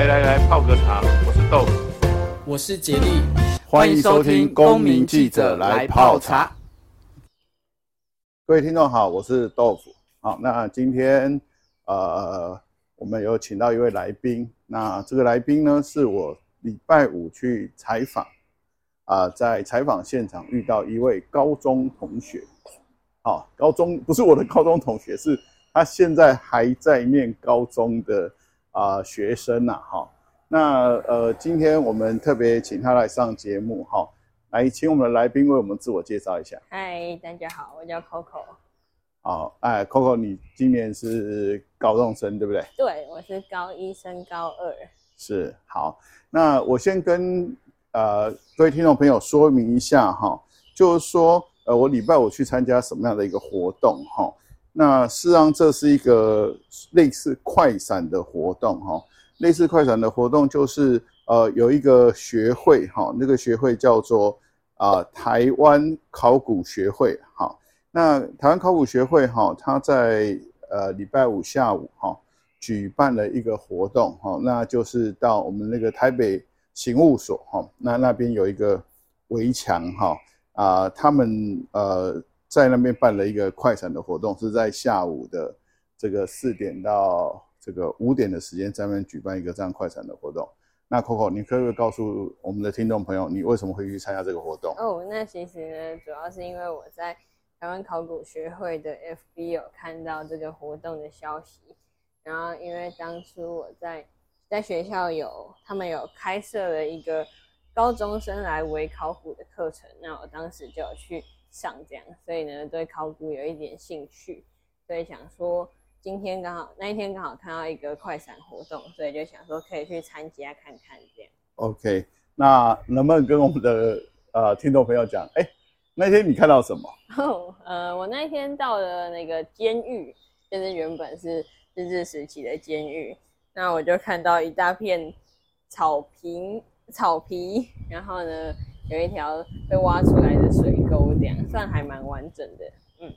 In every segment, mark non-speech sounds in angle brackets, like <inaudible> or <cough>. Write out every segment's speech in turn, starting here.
來來來，泡個茶。我是豆腐，我是杰力，歡迎收聽《公民記者來泡茶》泡茶。各位聽眾好，我是豆腐。好、哦，那今天呃，我們有請到一位來賓。那這個來賓呢，是我禮拜五去採訪啊、呃，在採訪現場遇到一位高中同學。好、哦，高中不是我的高中同學，是他現在還在念高中的。啊、呃，學生吶、啊、哈、哦，那呃，今天我們特別請他來上節目，哈、哦，來請我們的來賓為我們自我介紹一下。嗨，大家好，我叫 Coco。好、哦，哎，Coco，你今年是高中生對不對？對，我是高一升高二。是，好，那我先跟呃各位聽眾朋友說明一下哈、哦，就是說呃，我禮拜五去參加什麼樣的一個活動哈。哦那實際上，這是一個類似快閃的活動，哈。類似快閃的活動就是，呃，有一個學會，哈，那個學會叫做啊、呃、台灣考古學會，哈。那台灣考古學會，哈，它在呃禮拜五下午，哈，舉辦了一個活動，哈，那就是到我們那個台北刑務所，哈，那那邊有一個圍牆，哈，啊，他們呃。在那邊辦了一個快閃的活動，是在下午的這個四點到這個五點的時間，在那邊舉辦一個這樣快閃的活動。那 Coco，你可不可以告訴我們的聽眾朋友，你為什麼會去參加這個活動？哦，那其實呢，主要是因為我在台灣考古學會的 FB 有看到這個活動的消息，然後因為當初我在在學校有他們有開設了一個高中生來為考古的課程，那我當時就有去。上這樣，所以呢，對考古有一點興趣，所以想說今天剛好那一天剛好看到一個快閃活動，所以就想說可以去參加看看這樣。OK，那能不能跟我們的呃聽眾朋友講，哎、欸，那天你看到什麼？Oh, 呃，我那一天到了那個監獄，就是原本是日治時期的監獄，那我就看到一大片草坪，草皮，然後呢有一條被挖出來的水。夠點，算還蠻完整的。嗯，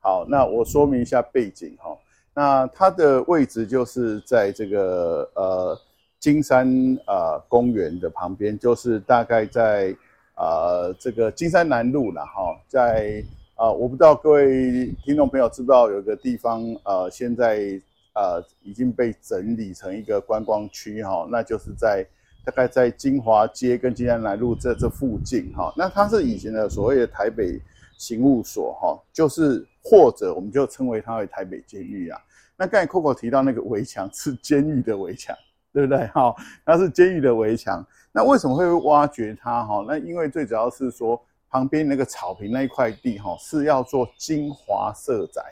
好，那我說明一下背景哈。那它的位置就是在這個呃金山呃公園的旁邊，就是大概在啊、呃、這個金山南路了哈。在、呃、我不知道各位聽眾朋友知道有個地方啊、呃，現在、呃、已經被整理成一個觀光區哈，那就是在。大概在金華街跟金山南路這這附近哈、喔，那它是以前的所謂的台北刑務所哈、喔，就是或者我們就稱為它為台北監獄啊。那剛才 CoCo 提到那個圍牆是監獄的圍牆，對不對？好，那是監獄的圍牆。那為什麼會挖掘它？哈，那因為最主要是說旁邊那個草坪那一塊地哈、喔、是要做金華社宅。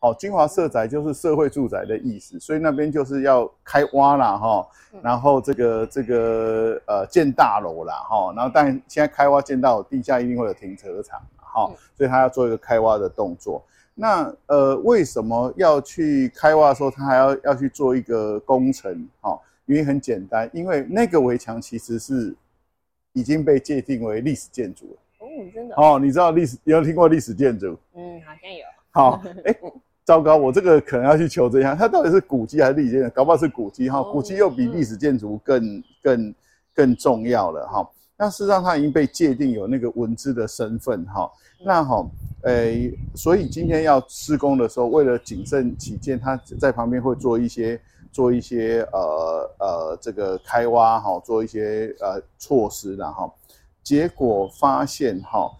好、哦，金華社宅就是社會住宅的意思，所以那邊就是要開挖啦，哈、哦，然後這個這個呃建大樓啦，哈、哦，然後但現在開挖建到地下一定會有停車場，哈、哦，所以他要做一個開挖的動作。那呃，為什麼要去開挖的時候，他還要要去做一個工程？哈、哦，原因很簡單，因為那個圍牆其實是已經被界定為歷史建築了。哦、嗯，真的哦。哦，你知道歷史？有聽過歷史建築？嗯，好像有。好、哦，哎、欸。 <laughs> 糟糕，我這個可能要去求證，它到底是古蹟還是歷史建築，搞不好是古蹟哈。古蹟又比歷史建築更更更重要了哈。那事實上它已經被界定有那個文資的身份哈。那哈、欸，所以今天要施工的時候，為了謹慎起見，他在旁邊會做一些做一些呃呃這個開挖哈，做一些呃措施然後，結果發現哈。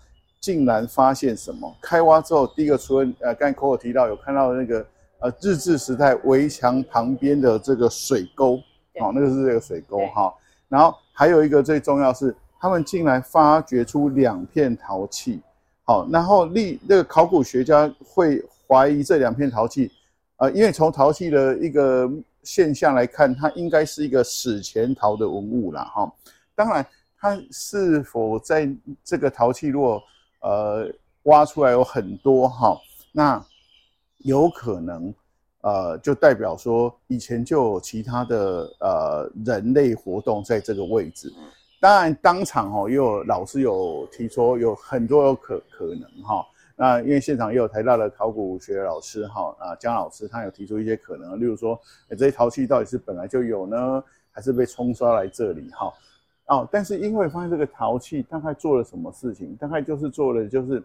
竟然發現什麼？開挖之後，第一個出人，呃，剛才 CoCo 提到有看到那個，呃，日治時代圍牆旁邊的這個水溝，好，那個是這個水溝哈。然後還有一個最重要是，他們竟然發掘出兩片陶器，好，然後歷那個考古學家會懷疑這兩片陶器，呃，因為從陶器的一個現象來看，它應該是一個史前陶的文物啦。哈。當然，它是否在這個陶器如果呃，挖出來有很多哈、哦，那有可能，呃，就代表說以前就有其他的呃人類活動在這個位置。當然，當場哦，也有老師有提出有很多有可可能哈、哦。那因為現場也有台大的考古學老師哈，啊、哦，江老師他有提出一些可能，例如說、欸、這些陶器到底是本來就有呢，還是被沖刷來這裡哈？哦哦，但是因為發現這個陶器，大概做了什麼事情，大概就是做了就是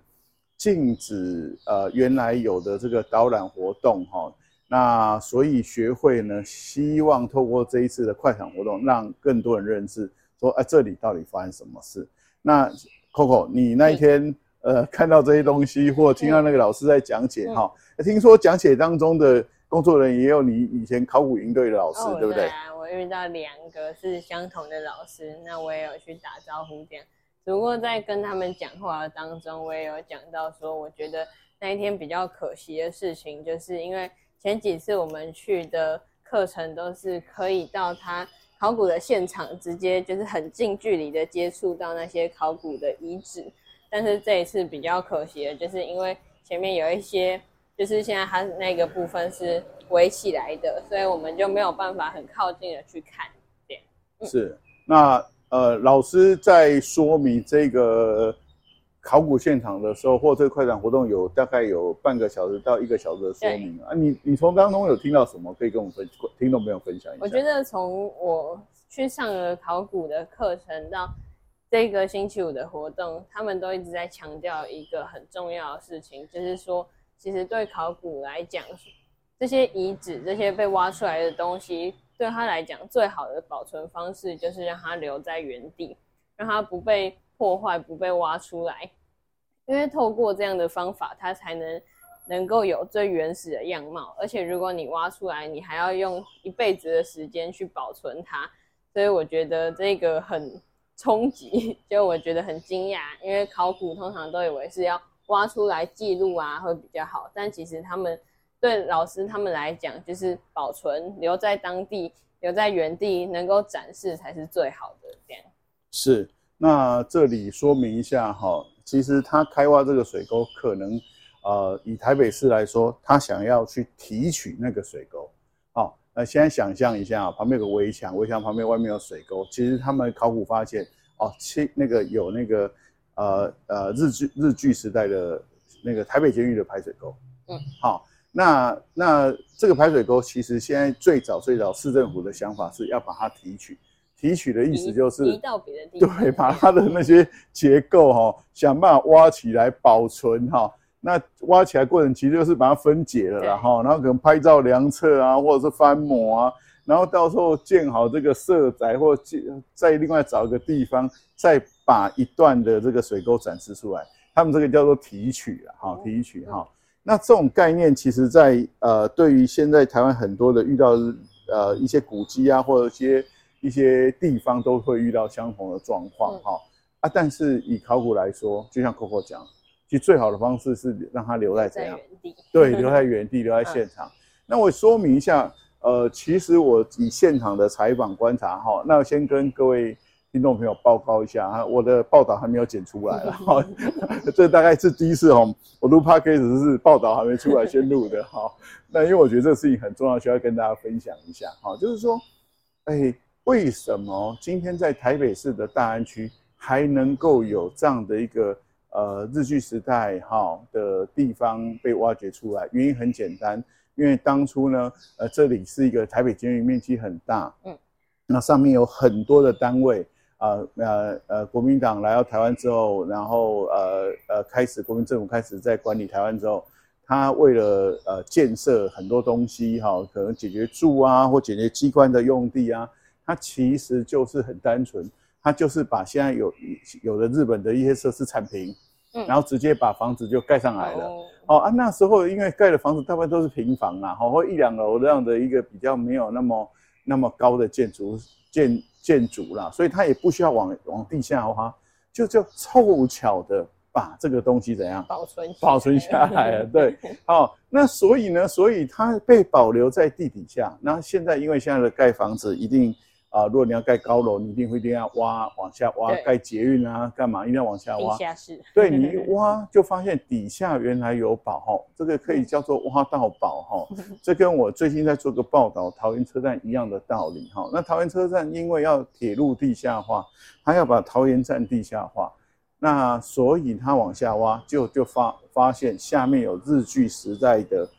禁止呃原來有的這個導覽活動哈、哦，那所以學會呢，希望透過這一次的快閃活動，讓更多人認識，說哎、呃、這裡到底發生什麼事？那 Coco 你那一天呃看到這些東西，或聽到那個老師在講解哈，聽說講解當中的。工作人員也有你以前考古營隊的老師，哦對啊，對不對？我遇到兩個是相同的老師，那我也有去打招呼這樣，只不過在跟他們講話當中，我也有講到說，我覺得那一天比較可惜的事情，就是因為前幾次我們去的課程都是可以到他考古的現場，直接就是很近距離的接觸到那些考古的遺址。但是這一次比較可惜的，就是因為前面有一些。就是現在，它那個部分是圍起來的，所以我們就沒有辦法很靠近的去看。對。是那呃，老師在說明這個考古現場的時候，或者這個快閃活動有大概有半個小時到一個小時的說明啊。你你從當中有聽到什麼，可以跟我們分聽眾朋友分享一下？我覺得從我去上了考古的課程到這個星期五的活動，他們都一直在強調一個很重要的事情，就是說。其實對考古來講，這些遺址、這些被挖出來的東西，對它來講最好的保存方式就是讓它留在原地，讓它不被破壞、不被挖出來。因為透過這樣的方法，它才能能夠有最原始的樣貌。而且如果你挖出來，你還要用一輩子的時間去保存它。所以我覺得這個很衝擊，就我覺得很驚訝，因為考古通常都以為是要。挖出來記錄啊會比較好，但其實他們對老師他們來講，就是保存留在當地，留在原地能夠展示才是最好的這樣。是，那這裡說明一下哈，其實他開挖這個水溝可能，呃，以台北市來說，他想要去提取那個水溝，好，哦，那現在想象一下旁邊有個圍牆，圍牆旁邊外面有水溝，其實他們考古發現哦，其那個有那個。呃呃，日據日據時代的那個台北監獄的排水溝，嗯，好，那那這個排水溝其實現在最早最早市政府的想法是要把它提取，提取的意思就是移到別的地方，對，把它的那些結構哈、喔，想辦法挖起來保存哈、喔。那挖起來過程其實就是把它分解了啦、喔，然後然後可能拍照量測啊，或者是翻模啊，然後到時候建好這個社宅或建再另外找一個地方再。把一段的這個水溝展示出來，他們這個叫做提取啊，好提取哈。那這種概念其實，在呃對於現在台灣很多的遇到的呃一些古蹟啊，或者一些一些地方都會遇到相同的狀況哈。啊，但是以考古來說，就像 Coco 講，其實最好的方式是讓它留在這樣，對，留在原地， <laughs> 留在現場。那我說明一下，呃，其實我以現場的採訪觀察哈，那我先跟各位，聽眾朋友，報告一下啊！我的報道還沒有剪出來了， <laughs> <laughs> 這大概是第一次哦。我錄 podcast 是報道還沒出來先錄的。哈，那因為我覺得這個事情很重要，需要跟大家分享一下。哈，就是說，哎、欸，為什麼今天在台北市的大安區還能夠有這樣的一個呃日據時代哈的地方被挖掘出來？原因很簡單，因為當初呢，呃，這裡是一個台北監獄，面積很大，嗯，那上面有很多的單位。啊、呃，呃呃，國民黨來到台灣之後，然後呃呃，開始國民政府開始在管理台灣之後，他為了呃建設很多東西哈、喔，可能解決住啊，或解決機關的用地啊，他其實就是很單純，他就是把現在有有的日本的一些設施鏟平，然後直接把房子就蓋上來了。哦、嗯喔喔、啊，那時候因為蓋的房子大部分都是平房啊，好或一兩樓這樣的一個比較沒有那麼那麼高的建築建。建築啦，所以他也不需要往往地下挖，就就湊巧的把這個東西怎樣保存保存，保存下來，對，好，那所以呢，所以它被保留在地底下，那現在因為現在的蓋房子一定。啊、呃，如果你要蓋高樓，你一定會這樣挖，往下挖，蓋捷運啊，幹嘛一定要往下挖，地下室。對，你一挖就發現底下原來有寶哈，這個可以叫做挖到寶哈。這跟我最近在做個報道，桃園車站一樣的道理哈。那桃園車站因為要鐵路地下化，它要把桃園站地下化，那所以它往下挖就就發發現下面有日據時代的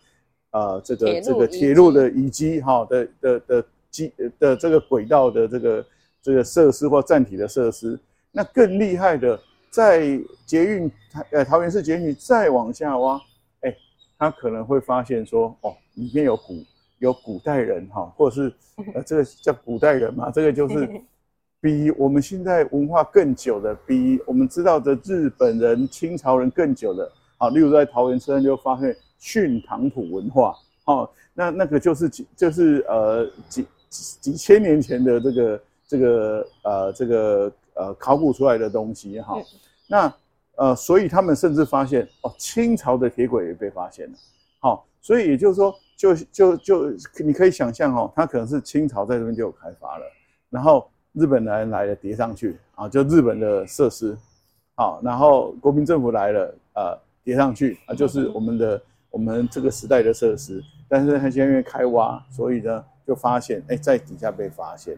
啊、呃、這個這個鐵路的遺跡哈的的的。的的機的這個軌道的這個這個設施或站體的設施，那更厲害的，在捷運，呃，桃園市捷運再往下挖，哎，他可能會發現說，哦，裡面有古有古代人哈、哦，或者是呃，這個叫古代人嘛，這個就是比我們現在文化更久的，比我們知道的日本人、清朝人更久的啊。例如在桃園車站就發現訊塘埔文化，好，那那個就是就是呃，幾。幾千年前的這個這個呃這個呃考古出來的東西哈，那呃所以他們甚至發現哦，清朝的鐵軌也被發現了，好，所以也就是說，就就就你可以想象哦，它可能是清朝在這邊就有開發了，然後日本人來了疊上去，啊，就日本的設施，好，然後國民政府來了呃疊上去啊，就是我們的嗯嗯，我們這個時代的設施，但是它現在因為開挖，嗯嗯所以呢。就發現，哎、欸，在底下被發現。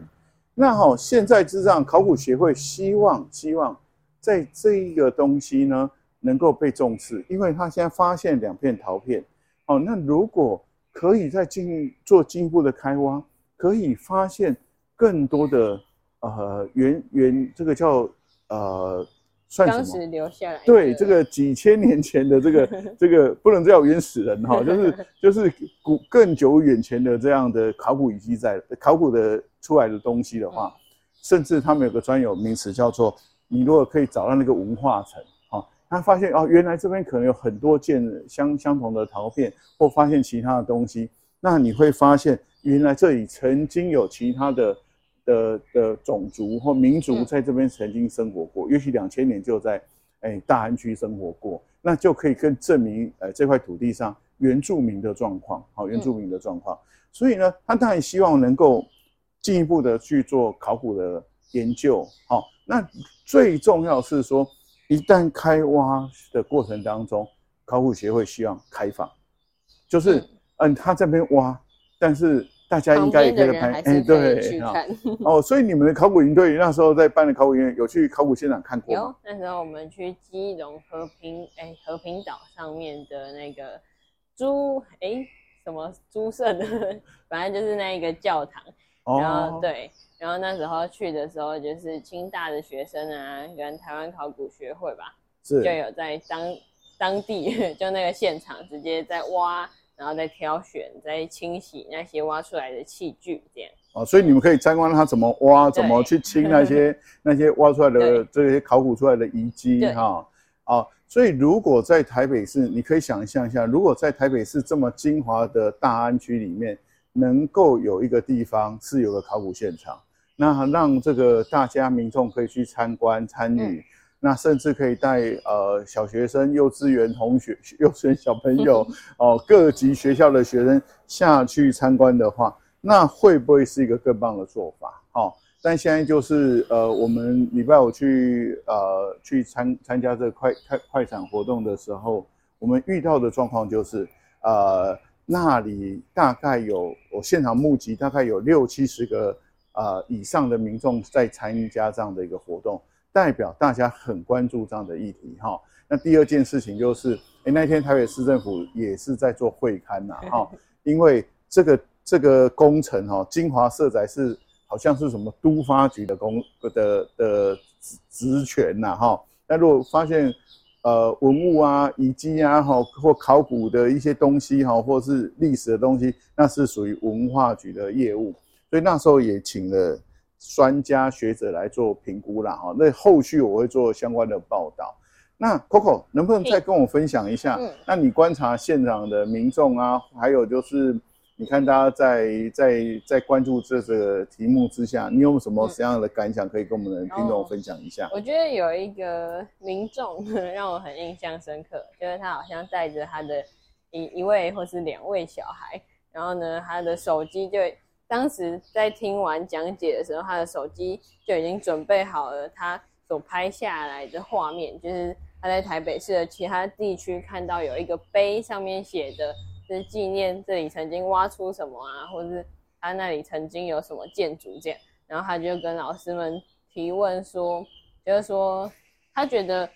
那好，現在就是讓考古學會希望，希望在這一個東西呢能夠被重視，因為他現在發現兩片陶片。哦，那如果可以再進做進一步的開挖，可以發現更多的呃原原這個叫呃。算什麼？當時留下來。對，這個幾千年前的這個 <laughs> 這個不能叫原始人哈，就是就是古更久遠前的這樣的考古遺跡，在考古的出來的東西的話，甚至他們有個專有名詞叫做，你如果可以找到那個文化層，啊，他發現哦，原來這邊可能有很多件相相同的陶片，或發現其他的東西，那你會發現原來這裡曾經有其他的。的的種族或民族在這邊曾經生活過，尤其兩千年就在哎大安區生活過，那就可以更證明呃這塊土地上原住民的狀況，好原住民的狀況。所以呢，他當然希望能夠進一步的去做考古的研究，好。那最重要是說，一旦開挖的過程當中，考古協會希望開放，就是嗯他在這邊挖，但是。大家應該也可以拍哎、欸，對，對對 <laughs> 哦，所以你們的考古營隊那時候在辦的考古營有去考古現場看過嗎？有，那時候我們去基隆和平哎、欸、和平島上面的那個諸，哎、欸、什麼諸聖，反正就是那一個教堂。然後、哦、對，然後那時候去的時候，就是清大的學生啊，跟台灣考古學會吧，是就有在當當地就那個現場直接在挖。然後再挑選，再清洗那些挖出來的器具，這樣啊，所以你們可以參觀它怎麼挖，怎麼去清那些 <laughs> 那些挖出來的這些考古出來的遺跡哈。好，哦，所以如果在台北市，你可以想象一下，如果在台北市這麼精華的大安區裡面，能夠有一個地方是有個考古現場，那讓這個大家民眾可以去參觀、參與。嗯那甚至可以帶呃小學生、幼稚園同學、幼稚園小朋友哦， <laughs> 各級學校的學生下去參觀的話，那會不會是一個更棒的做法？好、哦，但現在就是呃，我們禮拜五去呃去參參加這個快快快閃活動的時候，我們遇到的狀況就是呃，那裡大概有我現場募集大概有六七十個啊、呃、以上的民眾在參加這樣的一個活動。代表大家很關注這樣的議題哈。那第二件事情就是，誒，那天台北市政府也是在做會勘吶哈。因為這個這個工程哈，金華社宅是好像是什麼都發局的工的的職職權吶哈。那如果發現呃文物啊、遺跡啊哈，或考古的一些東西哈，或是歷史的東西，那是屬於文化局的業務，所以那時候也請了。專家學者來做評估啦，哈，那後續我會做相關的報道。那 CoCo 能不能再跟我分享一下？那你觀察現場的民眾啊，還有就是，你看大家在，在在在關注這個題目之下，你有，有什麼什麼樣的感想可以跟我們的聽眾分享一下，嗯？我覺得有一個民眾讓我很印象深刻，就是他好像帶着他的一一位或是兩位小孩，然後呢，他的手機就。當時在聽完講解的時候，他的手機就已經準備好了他所拍下來的畫面，就是他在台北市的其他地區看到有一個碑，上面寫的就是紀念這裡曾經挖出什麼啊，或者是他那裡曾經有什麼建築這樣。然後他就跟老師們提問說，就是說他覺得，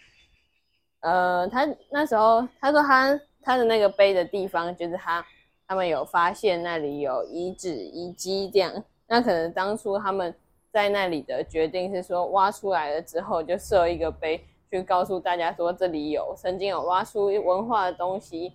呃，他那時候他說他他的那個碑的地方就是他。他們有發現那裡有遺址遺跡，這樣。那可能當初他們在那裡的決定是說，挖出來了之後就設一個碑，去告訴大家說這裡有曾經有挖出文化的東西。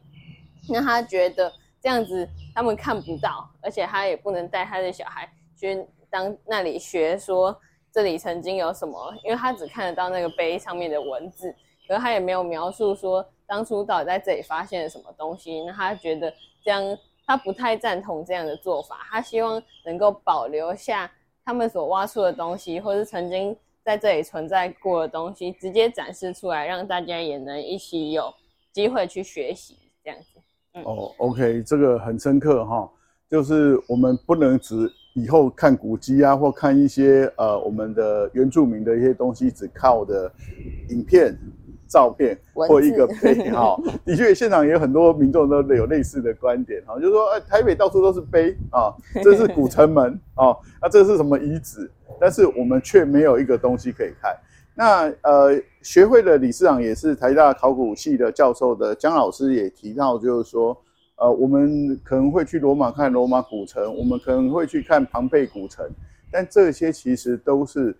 那他覺得這樣子他們看不到，而且他也不能帶他的小孩去當那裡學說這裡曾經有什麼，因為他只看得到那個碑上面的文字，可是他也沒有描述說當初到底在這裡發現了什麼東西。那他覺得。這樣，他不太贊同這樣的做法。他希望能夠保留下他們所挖出的東西，或是曾經在這裡存在過的東西，直接展示出來，讓大家也能一起有機會去學習。這樣子，哦、嗯 oh，OK，這個很深刻哈、哦，就是我們不能只以後看古蹟啊，或看一些呃我們的原住民的一些東西，只靠的影片。照片或一個碑哈，的確，現場也有很多民眾都有類似的觀點哈，就是說，台北到處都是碑啊，這是古城門啊，那這是什麼遺址？但是我們卻沒有一個東西可以看。那呃，學會的理事長也是台大考古系的教授的江老師也提到，就是說，呃，我們可能會去羅馬看羅馬古城，我們可能會去看龐貝古城，但這些其實都是。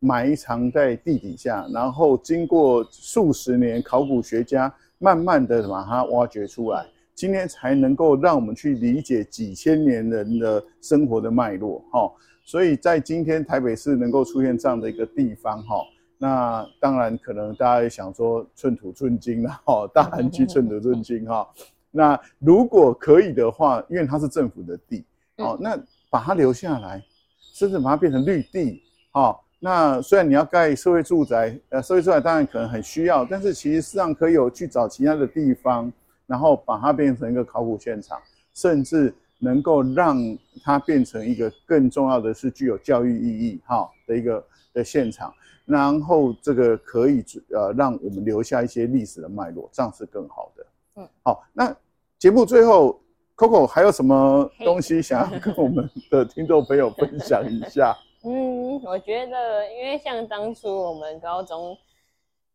埋藏在地底下，然後經過數十年，考古學家慢慢的把它挖掘出來，今天才能夠讓我們去理解幾千年人的生活的脈絡，哈。所以在今天台北市能夠出現這樣的一個地方，哈，那當然可能大家也想說寸土寸金，哈，大安區寸土寸金，哈。那如果可以的話，因為它是政府的地，好，那把它留下來，甚至把它變成綠地，哈。那雖然你要蓋社會住宅，呃，社會住宅當然可能很需要，但是其實事實上可以有去找其他的地方，然後把它變成一個考古現場，甚至能夠讓它變成一個更重要的是具有教育意義，哈，的一個的現場，然後這個可以呃讓我們留下一些歷史的脈絡，這樣是更好的。嗯，好，那節目最後，Coco 還有什麼東西想要跟我們的聽眾朋友分享一下？ <laughs> 嗯，我覺得，因為像當初我們高中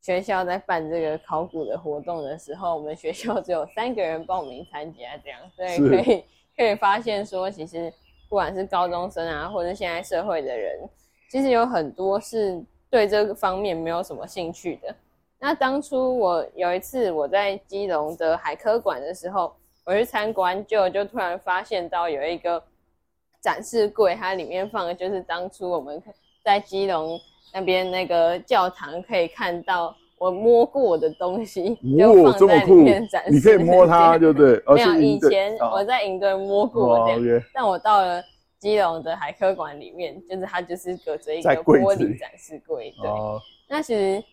學校在辦這個考古的活動的時候，我們學校只有三個人報名參加，這樣，所以可以可以發現說，其實不管是高中生啊，或者是現在社會的人，其實有很多是對這個方面沒有什麼興趣的。那當初我有一次我在基隆的海科館的時候，我去參觀，就就突然發現到有一個。展示櫃，它裡面放的就是當初我們在基隆那邊那個教堂，可以看到我摸過的東西。就放在裡面展示。哇、嗯哦，這麼酷！ <laughs> 你可以摸它，對不對？而、 <laughs> 哦、以前我在銀墩摸過的，哦，但我到了基隆的海科館裡面，哦 okay，就是它就是隔着一個玻璃展示櫃對。哦。那其實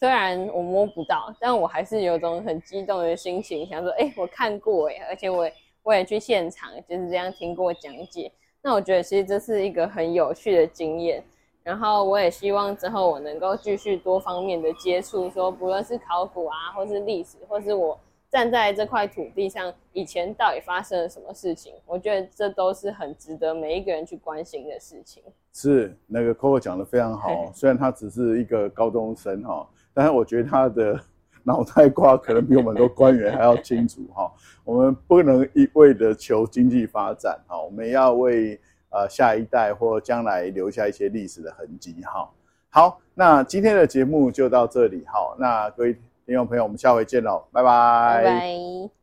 雖然我摸不到，但我還是有種很激動的心情，想說，哎、欸，我看過耶，而且我我也去現場，就是這樣聽過講解。那我覺得其實這是一個很有趣的經驗，然後我也希望之後我能夠繼續多方面的接觸，說不論是考古啊，或是歷史，或是我站在這塊土地上以前到底發生了什麼事情，我覺得這都是很值得每一個人去關心的事情。是，那個 Coco 講的非常好，雖然他只是一個高中生哈，但是我覺得他的。腦袋瓜可能比我們很多官員還要清楚哈，我們不能一味的求經濟發展哈，我們要為呃下一代或將來留下一些歷史的痕跡哈。好，那今天的節目就到這裡哈，那各位聽眾朋友，我們下回見嘍，拜拜。